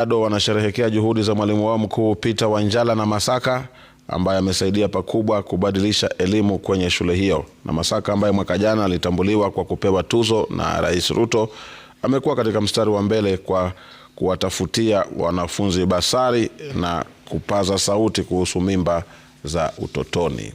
Bado wanasherehekea juhudi za mwalimu wao mkuu Peter Wanjala na Masaka ambaye amesaidia pakubwa kubadilisha elimu kwenye shule hiyo. Na Masaka ambaye mwaka jana alitambuliwa kwa kupewa tuzo na Rais Ruto amekuwa katika mstari wa mbele kwa kuwatafutia wanafunzi basari na kupaza sauti kuhusu mimba za utotoni.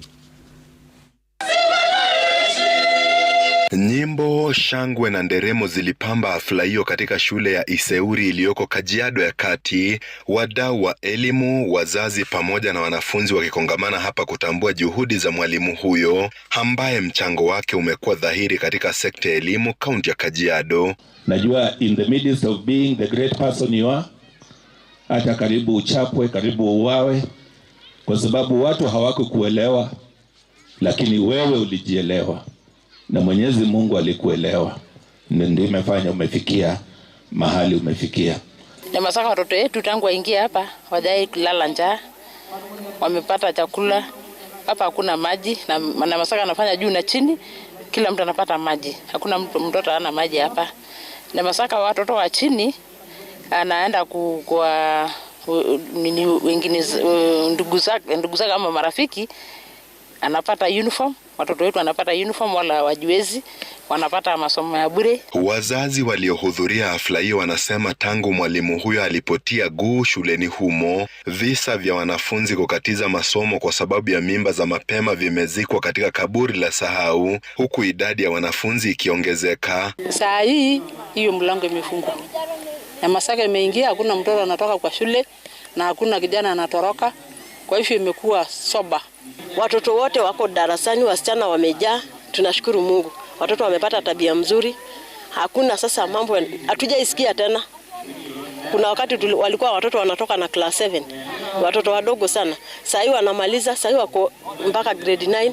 Nyimbo, shangwe na nderemo zilipamba hafla hiyo katika shule ya Iseuri iliyoko Kajiado ya Kati, wadau wa elimu, wazazi pamoja na wanafunzi wakikongamana hapa kutambua juhudi za mwalimu huyo ambaye mchango wake umekuwa dhahiri katika sekta ya elimu kaunti ya Kajiado. Najua in the midst of being the great person you are, hata karibu uchapwe, karibu uwawe, kwa sababu watu hawakukuelewa, lakini wewe ulijielewa na Mwenyezi Mungu alikuelewa, ndio imefanya umefikia mahali umefikia. masaka watoto wetu tangu waingia hapa wajai kulala njaa, wamepata chakula hapa. Hakuna maji na masaka anafanya juu na chini, kila mtu anapata maji, hakuna mtu mtoto ana maji hapa Namasaka. Watoto wa chini anaenda ku, kwa wengine ndugu zake ama marafiki anapata uniform, watoto wetu wanapata uniform, wala wajiwezi wanapata masomo ya bure. Wazazi waliohudhuria hafla hiyo wanasema tangu mwalimu huyo alipotia guu shuleni humo, visa vya wanafunzi kukatiza masomo kwa sababu ya mimba za mapema vimezikwa katika kaburi la sahau, huku idadi ya wanafunzi ikiongezeka. Saa hii hiyo mlango imefungwa na Masaka imeingia, hakuna mtoto anatoka kwa shule na hakuna kijana anatoroka. Kwa hivyo imekuwa soba, watoto wote wako darasani, wasichana wamejaa. Tunashukuru Mungu, watoto wamepata tabia mzuri. Hakuna sasa mambo hatujaisikia tena. Kuna wakati tuli, walikuwa watoto wanatoka na class 7 watoto wadogo sana, sahii wanamaliza, sahii wako mpaka grade 9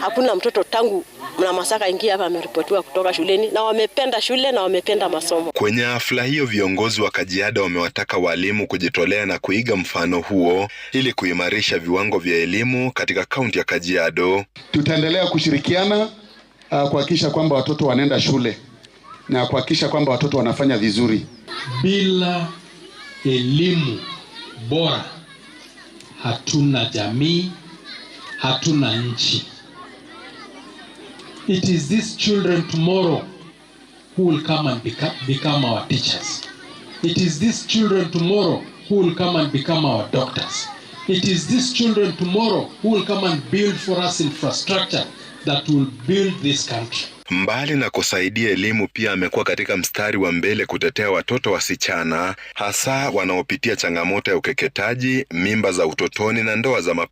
hakuna mtoto tangu na Masaka ingia hapa ameripotiwa kutoka shuleni, na wamependa shule na wamependa masomo. Kwenye hafla hiyo, viongozi wa Kajiado wamewataka walimu kujitolea na kuiga mfano huo ili kuimarisha viwango vya elimu katika kaunti ya Kajiado. Tutaendelea kushirikiana uh, kuhakikisha kwamba watoto wanaenda shule na kuhakikisha kwamba watoto wanafanya vizuri. Bila elimu bora hatuna jamii, hatuna nchi. It is these children tomorrow who will come and become, become our teachers. It is these children tomorrow who will come and become our doctors. It is these children tomorrow who will come and build for us infrastructure that will build this country. Mbali na kusaidia elimu, pia amekuwa katika mstari wa mbele kutetea watoto wasichana, hasa wanaopitia changamoto ya ukeketaji, mimba za utotoni na ndoa za mapema.